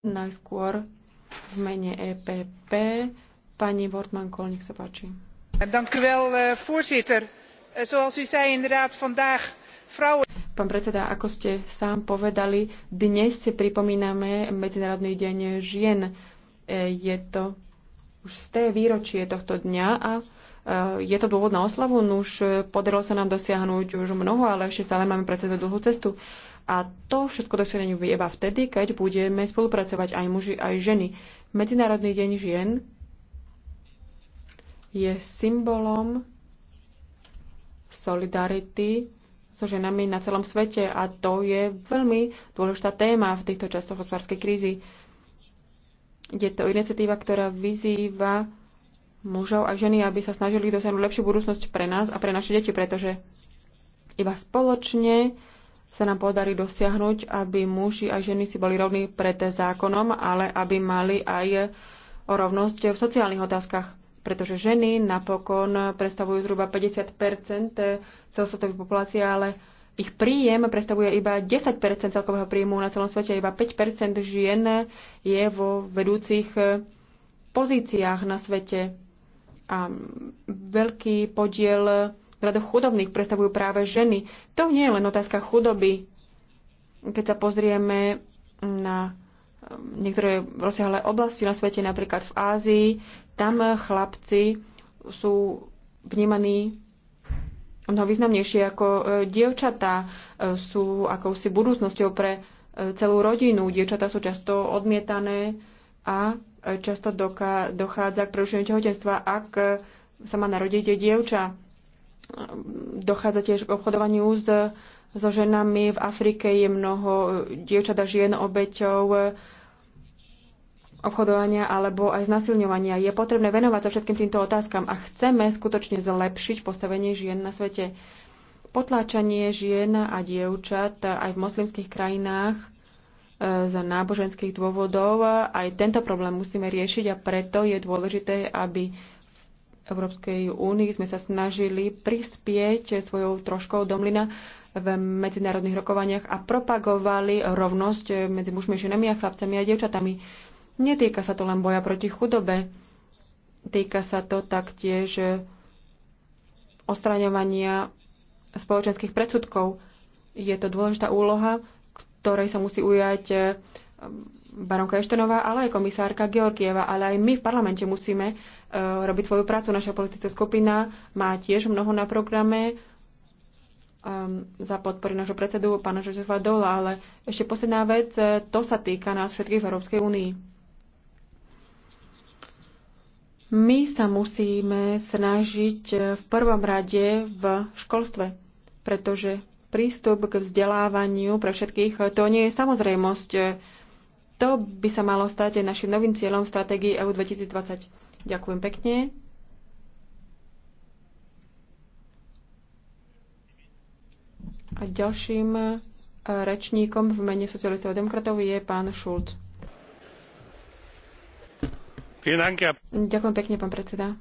Najskôr v mene EPP pani Wortmann-Kool, nech sa páči. Dank u wel, eh, voorzitter. Eh, zoals u zei, inderdaad vandaag vrouwen... Pán predseda, ako ste sám povedali, dnes si pripomíname Medzinárodný deň žien. Eh, je to už z té výročie tohto dňa a je to dôvod na oslavu, už podarilo sa nám dosiahnuť už mnoho, ale ešte stále máme pred sebou dlhú cestu. A to všetko dosiahneme iba vtedy, keď budeme spolupracovať aj muži, aj ženy. Medzinárodný deň žien je symbolom solidarity so ženami na celom svete a to je veľmi dôležitá téma v týchto časoch hospodárskej krízy. Je to iniciatíva, ktorá vyzýva mužov a ženy, aby sa snažili dosiahnuť lepšiu budúcnosť pre nás a pre naše deti, pretože iba spoločne sa nám podarí dosiahnuť, aby muži a ženy si boli rovní pred zákonom, ale aby mali aj rovnosť v sociálnych otázkach pretože ženy napokon predstavujú zhruba 50 celosvetovej populácie, ale ich príjem predstavuje iba 10 celkového príjmu na celom svete, iba 5 žien je vo vedúcich pozíciách na svete. A veľký podiel v radoch chudobných predstavujú práve ženy. To nie je len otázka chudoby. Keď sa pozrieme na um, niektoré rozsiahle oblasti na svete, napríklad v Ázii, tam chlapci sú vnímaní mnoho významnejšie ako e, dievčatá, e, sú akousi budúcnosťou pre e, celú rodinu. Dievčatá sú často odmietané a často dochádza k prerušeniu tehotenstva, ak sa má narodiť dievča. Dochádza tiež k obchodovaniu s, so ženami. V Afrike je mnoho dievčat a žien obeťou obchodovania alebo aj znasilňovania. Je potrebné venovať sa všetkým týmto otázkam a chceme skutočne zlepšiť postavenie žien na svete. Potláčanie žien a dievčat aj v moslimských krajinách e, z náboženských dôvodov. Aj tento problém musíme riešiť a preto je dôležité, aby Európskej únii sme sa snažili prispieť svojou troškou mlyna v medzinárodných rokovaniach a propagovali rovnosť medzi mužmi, ženami a chlapcami a dievčatami. Netýka sa to len boja proti chudobe, týka sa to taktiež ostraňovania spoločenských predsudkov. Je to dôležitá úloha, ktorej sa musí ujať eh, baronka Eštenová, ale aj komisárka Georgieva, ale aj my v parlamente musíme Eh, robiť svoju prácu. Naša politická skupina má tiež mnoho na programe um, za podpory nášho predsedu, pána Žozefa Dola, ale ešte posledná vec, eh, to sa týka nás všetkých v Európskej únii. My sa musíme snažiť eh, v prvom rade v školstve, pretože prístup k vzdelávaniu pre všetkých to nie je samozrejmosť. To by sa malo stať našim novým cieľom v stratégii EU 2020. Ďakujem pekne. A ďalším e, rečníkom v mene socialistov a demokratov je pán Šulc. Ďakujem pekne, pán predseda.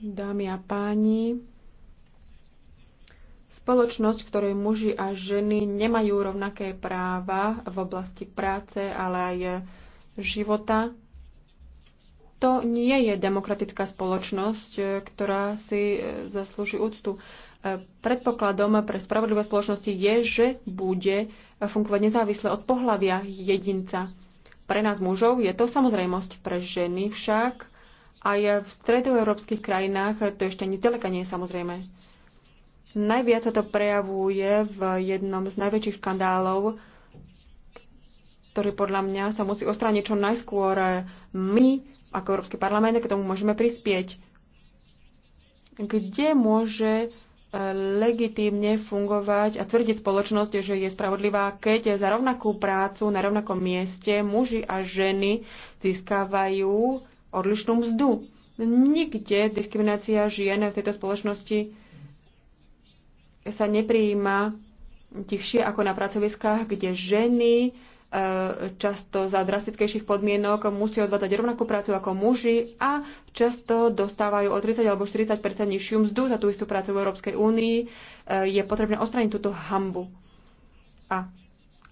Dámy a páni, spoločnosť, ktorej muži a ženy nemajú rovnaké práva v oblasti práce, ale aj života, to nie je demokratická spoločnosť, e, ktorá si e, zaslúži úctu. E, predpokladom pre spravodlivé spoločnosti je, že bude fungovať nezávisle od pohľavia jedinca. Pre nás mužov je to samozrejmosť, pre ženy však aj v stredoeurópskych krajinách to ešte ani zďaleka nie je samozrejme. Najviac sa to prejavuje v jednom z najväčších škandálov ktorý podľa mňa sa musí ostrániť čo najskôr. My, ako Európsky parlament, k tomu môžeme prispieť. Kde môže e, legitímne fungovať a tvrdiť spoločnosť, že je spravodlivá, keď za rovnakú prácu na rovnakom mieste muži a ženy získavajú odlišnú mzdu. Nikde diskriminácia žien v tejto spoločnosti sa neprijíma tichšie ako na pracoviskách, kde ženy E, často za drastickejších podmienok musí odvádzať rovnakú prácu ako muži a často dostávajú o 30 alebo 40 nižšiu mzdu za tú istú prácu v Európskej únii. E, je potrebné ostraniť túto hambu. A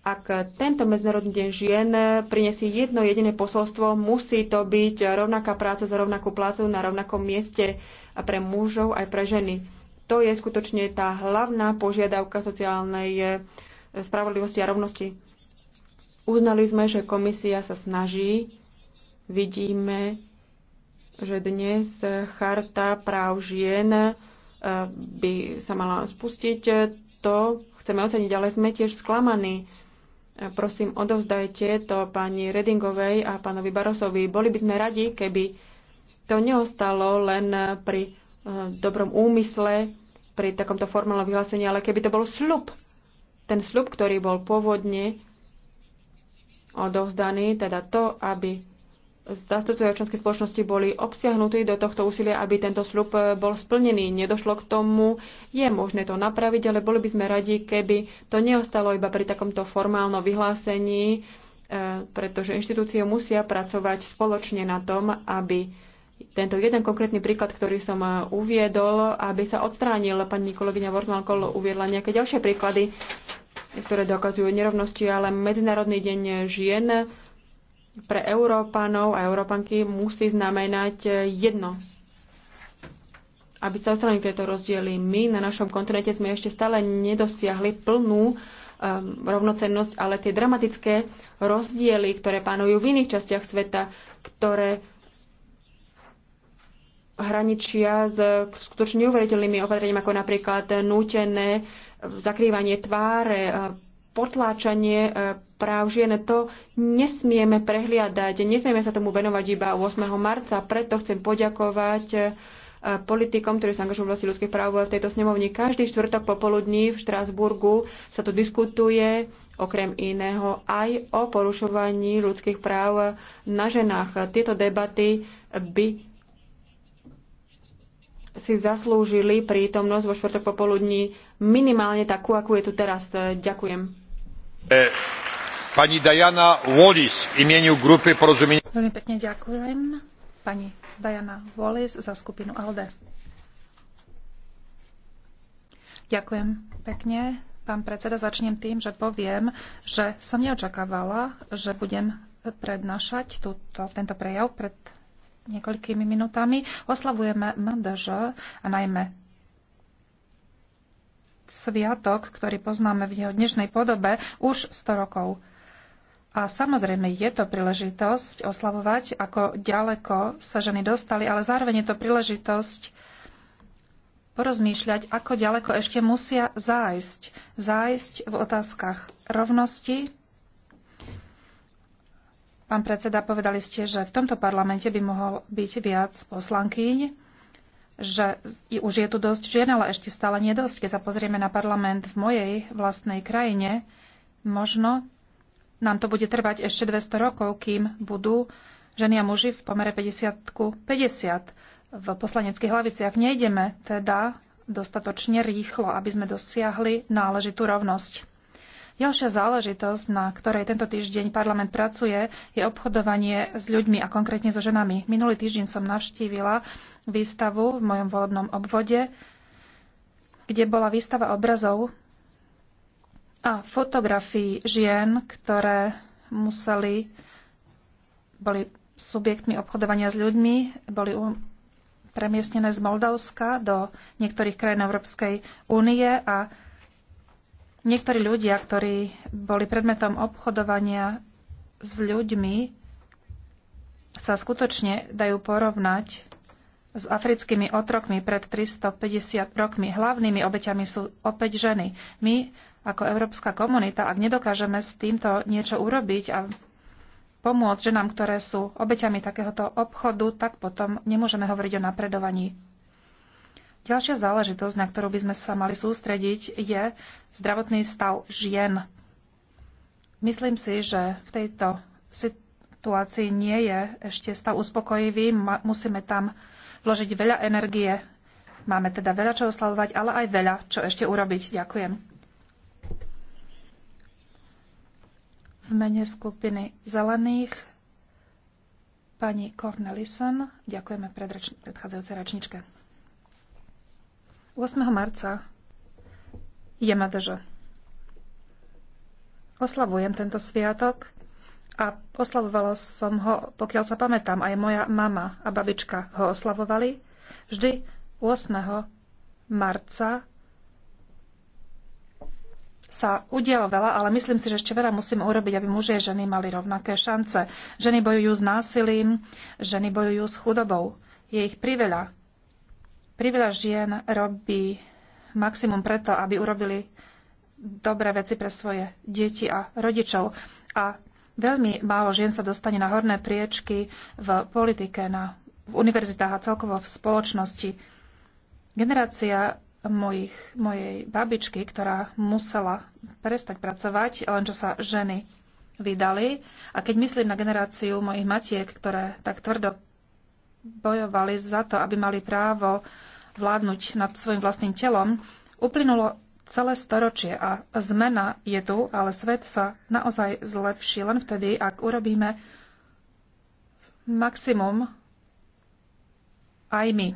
ak tento Medzinárodný deň žien prinesie jedno jediné posolstvo, musí to byť rovnaká práca za rovnakú plácu na rovnakom mieste pre mužov aj pre ženy. To je skutočne tá hlavná požiadavka sociálnej e, spravodlivosti a rovnosti. Uznali sme, že komisia sa snaží. Vidíme, že dnes charta práv žien eh, by sa mala spustiť. To chceme oceniť, ale sme tiež sklamaní. Eh, prosím, odovzdajte to pani Redingovej a pánovi Barosovi. Boli by sme radi, keby to neostalo len pri eh, dobrom úmysle, pri takomto formálnom vyhlásení, ale keby to bol slub. Ten slub, ktorý bol pôvodne odovzdaný, teda to, aby zastupcovia občianskej spoločnosti boli obsiahnutí do tohto úsilia, aby tento slub e, bol splnený. Nedošlo k tomu, je možné to napraviť, ale boli by sme radi, keby to neostalo iba pri takomto formálnom vyhlásení, e, pretože inštitúcie musia pracovať spoločne na tom, aby tento jeden konkrétny príklad, ktorý som e, uviedol, aby sa odstránil. Pani kolegyňa Vortmálko uviedla nejaké ďalšie príklady, ktoré dokazujú nerovnosti, ale Medzinárodný deň žien pre Európanov a Európanky musí znamenať jedno. Aby sa odstranili tieto rozdiely, my na našom kontinente sme ešte stále nedosiahli plnú um, rovnocennosť, ale tie dramatické rozdiely, ktoré panujú v iných častiach sveta, ktoré hraničia s skutočne neuveriteľnými opatreniami, ako napríklad nútené zakrývanie tváre, e, potláčanie e, práv žien, to nesmieme prehliadať, nesmieme sa tomu venovať iba 8. marca. Preto chcem poďakovať e, politikom, ktorí sa angažujú v vlasti ľudských práv v tejto snemovni. Každý štvrtok popoludní v Štrásburgu sa tu diskutuje okrem iného aj o porušovaní ľudských práv na ženách. Tieto debaty by si zaslúžili prítomnosť vo štvrtok popoludní minimálne takú, akú je tu teraz. Ďakujem. E, pani Diana Wallis v imieniu grupy porozumenia. Veľmi pekne ďakujem. Pani Diana Wallis za skupinu ALDE. Ďakujem pekne. Pán predseda, začnem tým, že poviem, že som neočakávala, že budem prednášať túto, tento prejav pred niekoľkými minutami oslavujeme MDŽ a najmä sviatok, ktorý poznáme v jeho dnešnej podobe už 100 rokov. A samozrejme je to príležitosť oslavovať, ako ďaleko sa ženy dostali, ale zároveň je to príležitosť porozmýšľať, ako ďaleko ešte musia zájsť. Zájsť v otázkach rovnosti, Pán predseda, povedali ste, že v tomto parlamente by mohol byť viac poslankyň, že už je tu dosť žien, ale ešte stále nie dosť. Keď sa pozrieme na parlament v mojej vlastnej krajine, možno nám to bude trvať ešte 200 rokov, kým budú ženy a muži v pomere 50 ku 50 v poslaneckých hlaviciach. Nejdeme teda dostatočne rýchlo, aby sme dosiahli náležitú rovnosť. Ďalšia záležitosť, na ktorej tento týždeň parlament pracuje, je obchodovanie s ľuďmi a konkrétne so ženami. Minulý týždeň som navštívila výstavu v mojom volebnom obvode, kde bola výstava obrazov a fotografií žien, ktoré museli, boli subjektmi obchodovania s ľuďmi, boli premiestnené z Moldavska do niektorých krajín Európskej únie a Niektorí ľudia, ktorí boli predmetom obchodovania s ľuďmi, sa skutočne dajú porovnať s africkými otrokmi pred 350 rokmi. Hlavnými obeťami sú opäť ženy. My, ako európska komunita, ak nedokážeme s týmto niečo urobiť a pomôcť ženám, ktoré sú obeťami takéhoto obchodu, tak potom nemôžeme hovoriť o napredovaní. Ďalšia záležitosť, na ktorú by sme sa mali sústrediť, je zdravotný stav žien. Myslím si, že v tejto situácii nie je ešte stav uspokojivý. Musíme tam vložiť veľa energie. Máme teda veľa čo oslavovať, ale aj veľa čo ešte urobiť. Ďakujem. v mene skupiny Zelených pani Cornelison. Ďakujeme predchádzajúcej rečničke. 8. marca je Madeža. Oslavujem tento sviatok a oslavovala som ho, pokiaľ sa pamätám, aj moja mama a babička ho oslavovali vždy 8. marca sa udialo veľa, ale myslím si, že ešte veľa musíme urobiť, aby muži a ženy mali rovnaké šance. Ženy bojujú s násilím, ženy bojujú s chudobou. Je ich priveľa. Priveľa žien robí maximum preto, aby urobili dobré veci pre svoje deti a rodičov. A veľmi málo žien sa dostane na horné priečky v politike, na, v univerzitách a celkovo v spoločnosti. Generácia mojich, mojej babičky, ktorá musela prestať pracovať, len čo sa ženy vydali. A keď myslím na generáciu mojich matiek, ktoré tak tvrdo bojovali za to, aby mali právo vládnuť nad svojim vlastným telom, uplynulo celé storočie a zmena je tu, ale svet sa naozaj zlepší len vtedy, ak urobíme maximum aj my.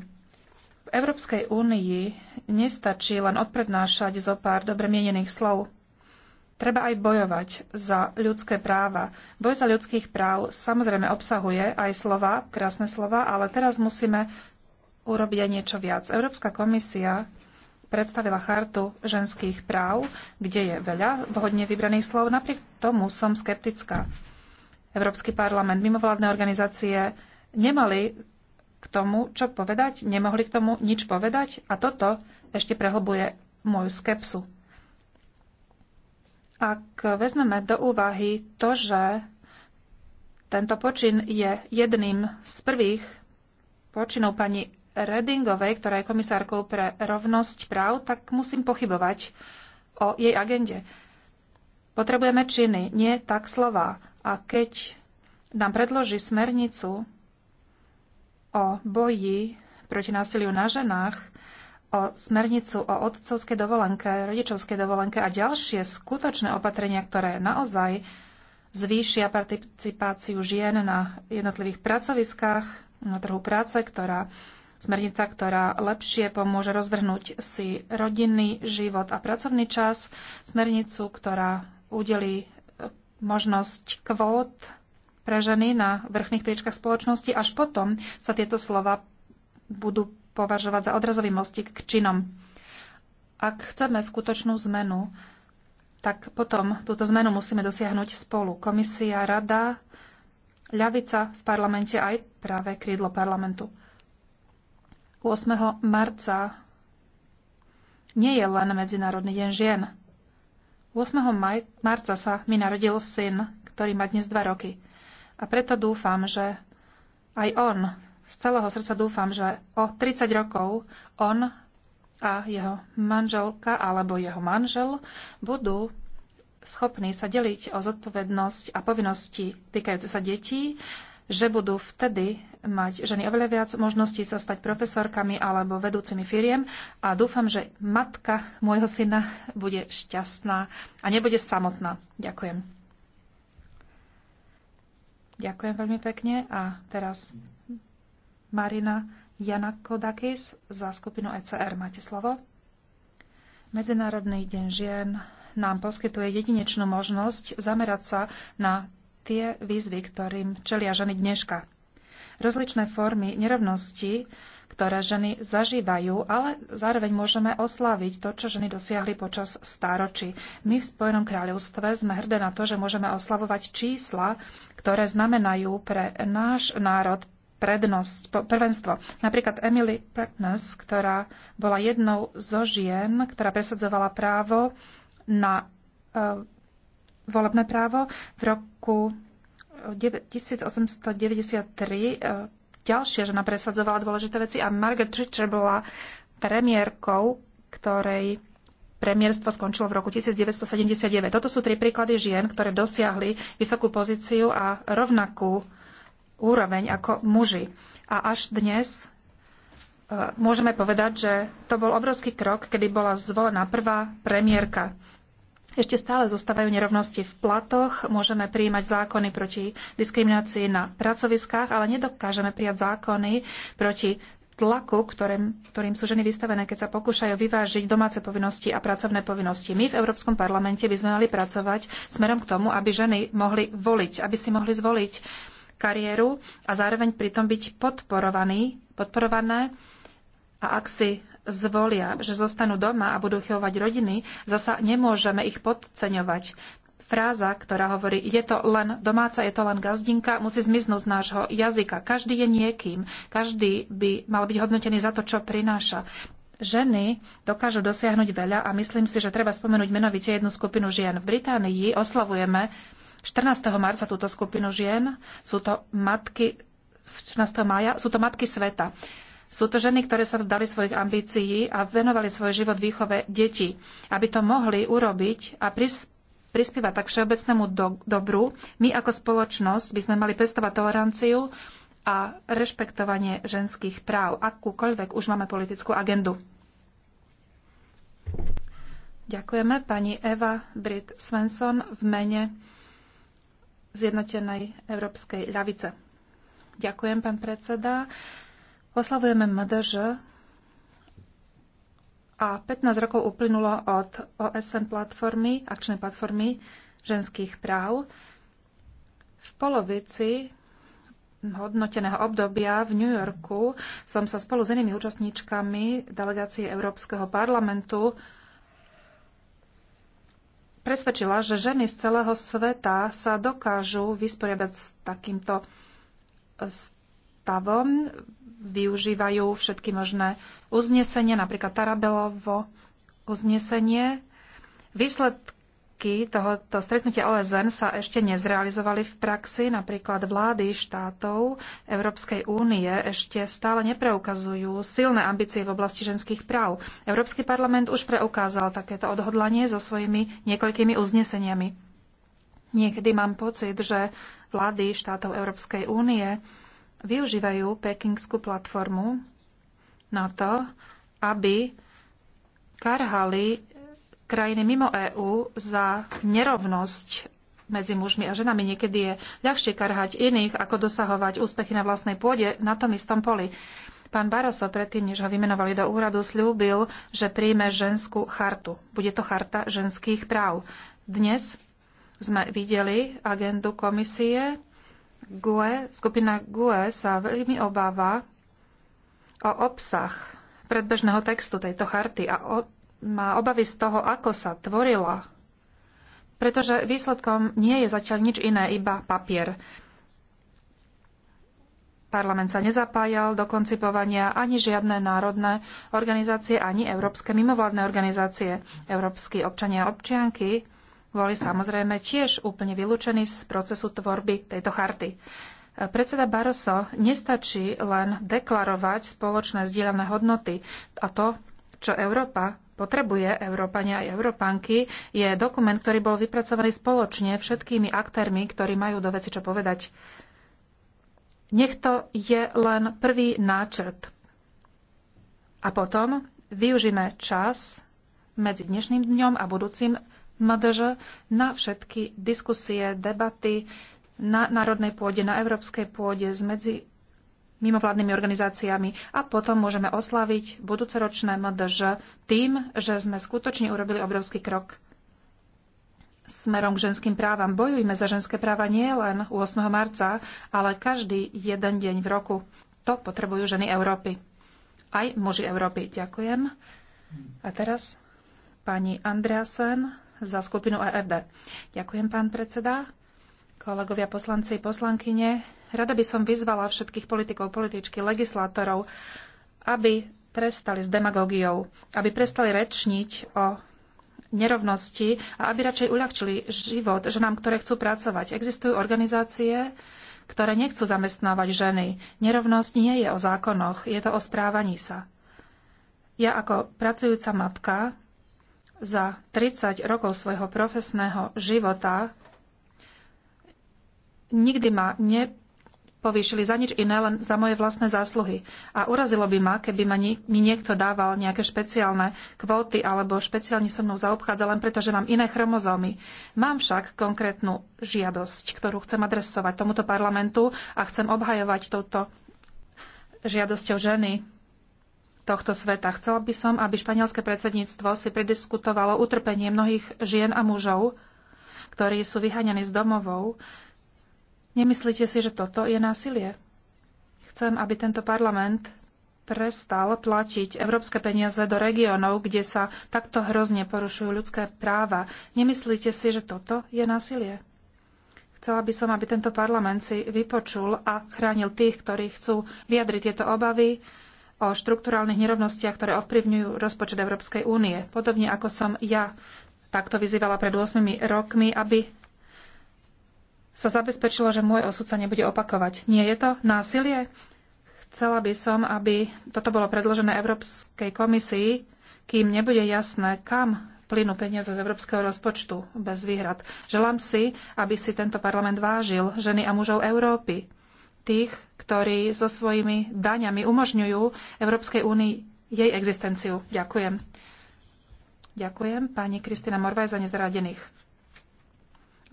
V Európskej únii nestačí len odprednášať zo pár dobre mienených slov. Treba aj bojovať za ľudské práva. Boj za ľudských práv samozrejme obsahuje aj slova, krásne slova, ale teraz musíme urobiť aj niečo viac. Európska komisia predstavila chartu ženských práv, kde je veľa vhodne vybraných slov. Napriek tomu som skeptická. Európsky parlament, mimovládne organizácie nemali k tomu, čo povedať, nemohli k tomu nič povedať a toto ešte prehlbuje moju skepsu. Ak vezmeme do úvahy to, že tento počin je jedným z prvých počinov pani Redingovej, ktorá je komisárkou pre rovnosť práv, tak musím pochybovať o jej agende. Potrebujeme činy, nie tak slova. A keď nám predloží smernicu o boji proti násiliu na ženách, o smernicu o otcovskej dovolenke, rodičovskej dovolenke a ďalšie skutočné opatrenia, ktoré naozaj zvýšia participáciu žien na jednotlivých pracoviskách, na trhu práce, ktorá Smernica, ktorá lepšie pomôže rozvrhnúť si rodinný život a pracovný čas. Smernicu, ktorá udelí e, možnosť kvót pre ženy na vrchných priečkach spoločnosti, až potom sa tieto slova budú považovať za odrazový mostík k činom. Ak chceme skutočnú zmenu, tak potom túto zmenu musíme dosiahnuť spolu. Komisia, rada, ľavica v parlamente aj práve krídlo parlamentu. 8. marca nie je len Medzinárodný deň žien. 8. Maj- marca sa mi narodil syn, ktorý má dnes 2 roky. A preto dúfam, že aj on, z celého srdca dúfam, že o 30 rokov on a jeho manželka alebo jeho manžel budú schopní sa deliť o zodpovednosť a povinnosti týkajúce sa detí že budú vtedy mať ženy oveľa viac možností sa stať profesorkami alebo vedúcimi firiem a dúfam, že matka môjho syna bude šťastná a nebude samotná. Ďakujem. Ďakujem veľmi pekne a teraz Marina Janakodakis za skupinu ECR. Máte slovo. Medzinárodný deň žien nám poskytuje jedinečnú možnosť zamerať sa na tie výzvy, ktorým čelia ženy dneška. Rozličné formy nerovnosti, ktoré ženy zažívajú, ale zároveň môžeme osláviť to, čo ženy dosiahli počas stáročí. My v Spojenom kráľovstve sme hrdé na to, že môžeme oslavovať čísla, ktoré znamenajú pre náš národ prednosť, prvenstvo. Napríklad Emily Preckness, ktorá bola jednou zo žien, ktorá presadzovala právo na e, volebné právo. V roku 1893 eh, eh, ďalšia žena presadzovala dôležité veci a Margaret Thatcher bola premiérkou, ktorej premiérstvo skončilo v roku 1979. Toto sú tri príklady žien, ktoré dosiahli vysokú pozíciu a rovnakú úroveň ako muži. A až dnes eh, môžeme povedať, že to bol obrovský krok, kedy bola zvolená prvá premiérka. Ešte stále zostávajú nerovnosti v platoch, môžeme prijímať zákony proti diskriminácii na pracoviskách, ale nedokážeme prijať zákony proti tlaku, ktorým, ktorým sú ženy vystavené, keď sa pokúšajú vyvážiť domáce povinnosti a pracovné povinnosti. My v Európskom parlamente by sme mali pracovať smerom k tomu, aby ženy mohli voliť, aby si mohli zvoliť kariéru a zároveň pritom byť podporovaní, podporované. A ak si zvolia, že zostanú doma a budú chovať rodiny, zasa nemôžeme ich podceňovať. Fráza, ktorá hovorí, je to len domáca, je to len gazdinka, musí zmiznúť z nášho jazyka. Každý je niekým. Každý by mal byť hodnotený za to, čo prináša. Ženy dokážu dosiahnuť veľa a myslím si, že treba spomenúť menovite jednu skupinu žien. V Británii oslavujeme 14. marca túto skupinu žien. Sú to matky 14. mája, sú to matky sveta. Sú to ženy, ktoré sa vzdali svojich ambícií a venovali svoj život výchove detí. Aby to mohli urobiť a prispieva tak všeobecnému do- dobru, my ako spoločnosť by sme mali pestovať toleranciu a rešpektovanie ženských práv, akúkoľvek už máme politickú agendu. Ďakujeme pani Eva Brit Svensson v mene Zjednotenej európskej ľavice. Ďakujem, pán predseda. Oslavujeme MDŽ a 15 rokov uplynulo od OSN platformy, akčnej platformy ženských práv. V polovici hodnoteného obdobia v New Yorku som sa spolu s inými účastníčkami delegácie Európskeho parlamentu presvedčila, že ženy z celého sveta sa dokážu vysporiadať s takýmto stavom využívajú všetky možné uznesenie, napríklad Tarabelovo uznesenie. Výsledky tohoto stretnutia OSN sa ešte nezrealizovali v praxi. Napríklad vlády štátov Európskej únie ešte stále nepreukazujú silné ambície v oblasti ženských práv. Európsky parlament už preukázal takéto odhodlanie so svojimi niekoľkými uzneseniami. Niekedy mám pocit, že vlády štátov Európskej únie využívajú pekingskú platformu na to, aby karhali krajiny mimo EÚ za nerovnosť medzi mužmi a ženami. Niekedy je ľahšie karhať iných, ako dosahovať úspechy na vlastnej pôde na tom istom poli. Pán Baroso, predtým, než ho vymenovali do úradu, slúbil, že príjme ženskú chartu. Bude to charta ženských práv. Dnes sme videli agendu komisie, GUE, skupina GUE sa veľmi obáva o obsah predbežného textu tejto charty a o, má obavy z toho, ako sa tvorila, pretože výsledkom nie je zatiaľ nič iné, iba papier. Parlament sa nezapájal do koncipovania ani žiadne národné organizácie, ani európske mimovládne organizácie. Európsky občania a občianky boli samozrejme tiež úplne vylúčení z procesu tvorby tejto charty. Predseda Barroso nestačí len deklarovať spoločné zdieľané hodnoty a to, čo Európa potrebuje, Európania aj Európanky, je dokument, ktorý bol vypracovaný spoločne všetkými aktérmi, ktorí majú do veci čo povedať. Nech to je len prvý náčrt. A potom využíme čas medzi dnešným dňom a budúcim MDŽ na všetky diskusie, debaty na národnej pôde, na európskej pôde s medzi mimovládnymi organizáciami a potom môžeme oslaviť budúcoročné MDŽ tým, že sme skutočne urobili obrovský krok smerom k ženským právam. Bojujme za ženské práva nie len 8. marca, ale každý jeden deň v roku. To potrebujú ženy Európy. Aj muži Európy. Ďakujem. A teraz pani Andreasen za skupinu EFD. Ďakujem, pán predseda. Kolegovia poslanci, poslankyne, rada by som vyzvala všetkých politikov, političky, legislátorov, aby prestali s demagógiou, aby prestali rečniť o nerovnosti a aby radšej uľahčili život ženám, ktoré chcú pracovať. Existujú organizácie, ktoré nechcú zamestnávať ženy. Nerovnosť nie je o zákonoch, je to o správaní sa. Ja ako pracujúca matka za 30 rokov svojho profesného života nikdy ma nepovýšili za nič iné, len za moje vlastné zásluhy. A urazilo by ma, keby ma nie, mi niekto dával nejaké špeciálne kvóty alebo špeciálne so mnou zaobchádza len preto, že mám iné chromozómy. Mám však konkrétnu žiadosť, ktorú chcem adresovať tomuto parlamentu a chcem obhajovať touto žiadosťou ženy tohto sveta. Chcela by som, aby španielské predsedníctvo si prediskutovalo utrpenie mnohých žien a mužov, ktorí sú vyhaňaní z domovov. Nemyslíte si, že toto je násilie? Chcem, aby tento parlament prestal platiť európske peniaze do regiónov, kde sa takto hrozne porušujú ľudské práva. Nemyslíte si, že toto je násilie? Chcela by som, aby tento parlament si vypočul a chránil tých, ktorí chcú vyjadriť tieto obavy, o štrukturálnych nerovnostiach, ktoré ovplyvňujú rozpočet Európskej únie. Podobne ako som ja takto vyzývala pred 8 rokmi, aby sa zabezpečilo, že môj osud sa nebude opakovať. Nie je to násilie? Chcela by som, aby toto bolo predložené Európskej komisii, kým nebude jasné, kam plynú peniaze z európskeho rozpočtu bez výhrad. Želám si, aby si tento parlament vážil ženy a mužov Európy tých, ktorí so svojimi daňami umožňujú Európskej únii jej existenciu. Ďakujem. Ďakujem pani Kristina Morvaj za nezaradených.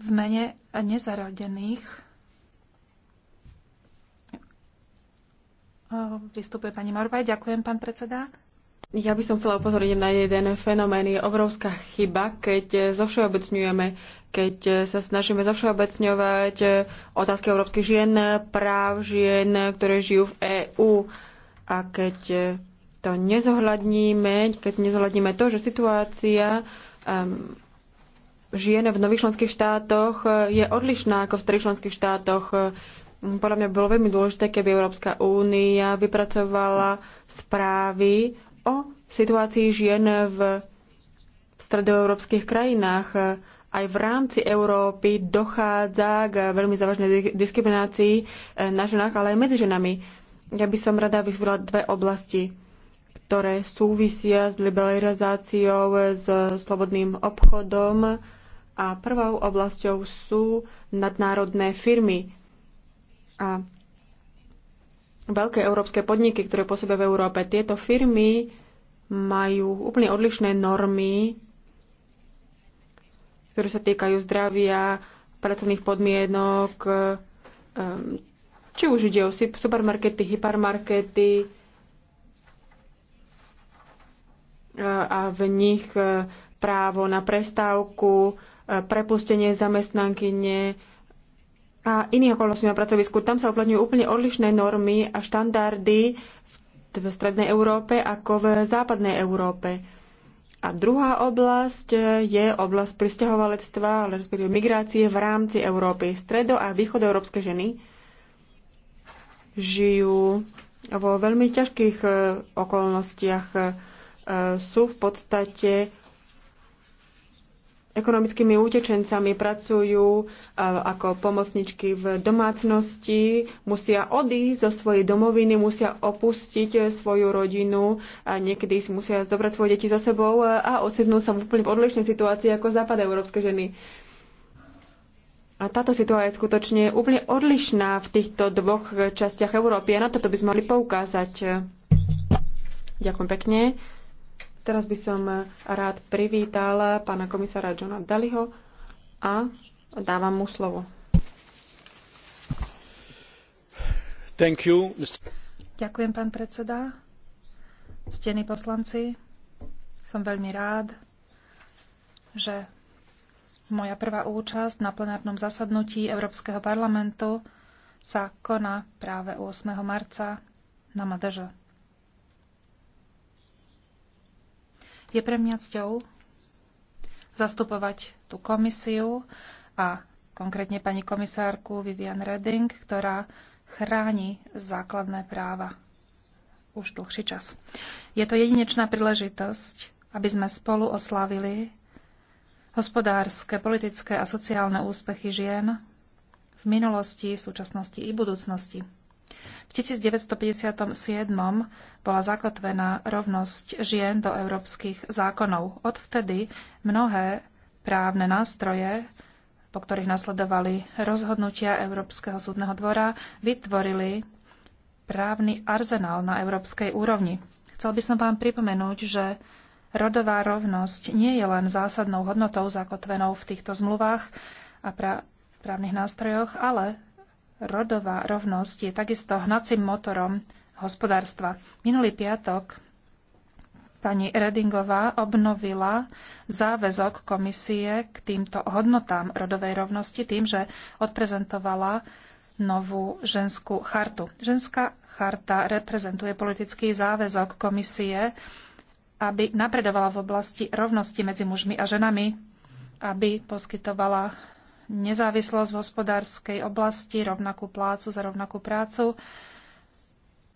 V mene nezaradených eh, vystupuje pani Morvaj. Ďakujem, pán predseda. Ja by som chcela upozorniť na jeden fenomén. Je obrovská chyba, keď zovšeobecňujeme, keď sa snažíme zovšeobecňovať otázky európskych žien, práv žien, ktoré žijú v EÚ. A keď to nezohľadníme, keď nezohľadníme to, že situácia um, žien v nových členských štátoch je odlišná ako v starých členských štátoch. Podľa mňa bolo veľmi dôležité, keby Európska únia vypracovala správy o situácii žien v stredoeurópskych krajinách. Aj v rámci Európy dochádza k veľmi závažnej diskriminácii eh, na ženách, ale aj medzi ženami. Ja by som rada vyzvala dve oblasti, ktoré súvisia s liberalizáciou, s slobodným obchodom a prvou oblasťou sú nadnárodné firmy. A veľké európske podniky, ktoré pôsobia v Európe. Tieto firmy majú úplne odlišné normy, ktoré sa týkajú zdravia, pracovných podmienok, ehm, či už ide o supermarkety, hypermarkety e, a v nich e, právo na prestávku, e, prepustenie zamestnankyne, a iných okolností na pracovisku. Tam sa uplatňujú úplne odlišné normy a štandardy v strednej Európe ako v západnej Európe. A druhá oblasť je oblasť pristahovalectva, respektíve migrácie v rámci Európy. Stredo- a východoeurópske ženy žijú vo veľmi ťažkých eh, okolnostiach. Eh, sú v podstate ekonomickými utečencami, pracujú e, ako pomocničky v domácnosti, musia odísť zo svojej domoviny, musia opustiť svoju rodinu a niekedy si musia zobrať svoje deti so sebou e, a osednú sa v úplne odlišnej situácii ako západ európske ženy. A táto situácia je skutočne úplne odlišná v týchto dvoch častiach Európy a na toto by sme mali poukázať. Ďakujem pekne. Teraz by som rád privítala pána komisára Johna Daliho a dávam mu slovo. Thank you, Mr. Ďakujem, pán predseda. Stení poslanci, som veľmi rád, že moja prvá účasť na plenárnom zasadnutí Európskeho parlamentu sa koná práve 8. marca na Madeže. Je pre mňa cťou zastupovať tú komisiu a konkrétne pani komisárku Vivian Redding, ktorá chráni základné práva už dlhší čas. Je to jedinečná príležitosť, aby sme spolu oslávili hospodárske, politické a sociálne úspechy žien v minulosti, súčasnosti i budúcnosti. V 1957 bola zakotvená rovnosť žien do európskych zákonov. Odvtedy mnohé právne nástroje, po ktorých nasledovali rozhodnutia Európskeho súdneho dvora, vytvorili právny arzenál na európskej úrovni. Chcel by som vám pripomenúť, že rodová rovnosť nie je len zásadnou hodnotou zakotvenou v týchto zmluvách a pra- právnych nástrojoch, ale rodová rovnosť je takisto hnacím motorom hospodárstva. Minulý piatok pani Redingová obnovila záväzok komisie k týmto hodnotám rodovej rovnosti tým, že odprezentovala novú ženskú chartu. Ženská charta reprezentuje politický záväzok komisie, aby napredovala v oblasti rovnosti medzi mužmi a ženami, aby poskytovala nezávislosť v hospodárskej oblasti, rovnakú plácu za rovnakú prácu,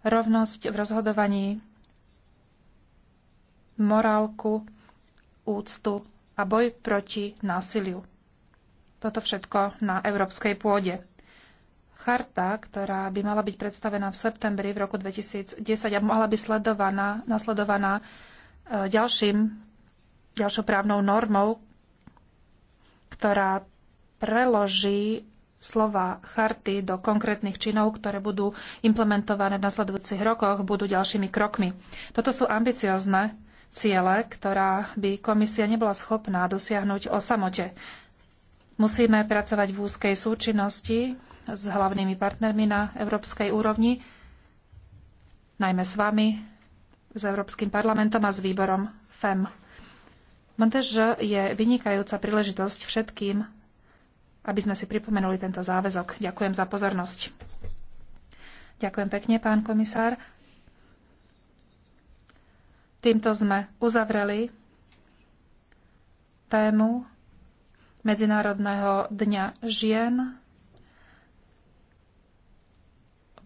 rovnosť v rozhodovaní, morálku, úctu a boj proti násiliu. Toto všetko na európskej pôde. Charta, ktorá by mala byť predstavená v septembri v roku 2010 a mohla byť sledovaná, nasledovaná e, ďalším, ďalšou právnou normou, ktorá preloží slova charty do konkrétnych činov, ktoré budú implementované v nasledujúcich rokoch, budú ďalšími krokmi. Toto sú ambiciozne ciele, ktorá by komisia nebola schopná dosiahnuť o samote. Musíme pracovať v úzkej súčinnosti s hlavnými partnermi na európskej úrovni, najmä s vami, s Európskym parlamentom a s výborom FEM. Montež je vynikajúca príležitosť všetkým aby sme si pripomenuli tento záväzok. Ďakujem za pozornosť. Ďakujem pekne, pán komisár. Týmto sme uzavreli tému Medzinárodného dňa žien.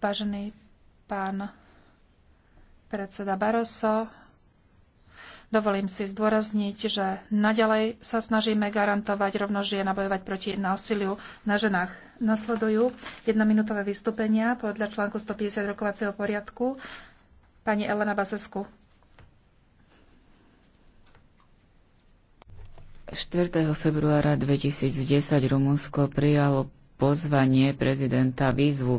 Vážený pán predseda Baroso. Dovolím si zdôrazniť, že naďalej sa snažíme garantovať rovnosť žien a bojovať proti násiliu na ženách. Nasledujú jednominútové vystúpenia podľa článku 150 rokovacieho poriadku pani Elena Basesku. 4. februára 2010 Rumunsko prijalo pozvanie prezidenta výzvu